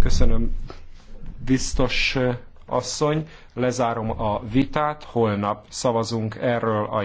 Köszönöm, biztos eh, asszony. Lezárom a vitát, holnap szavazunk erről a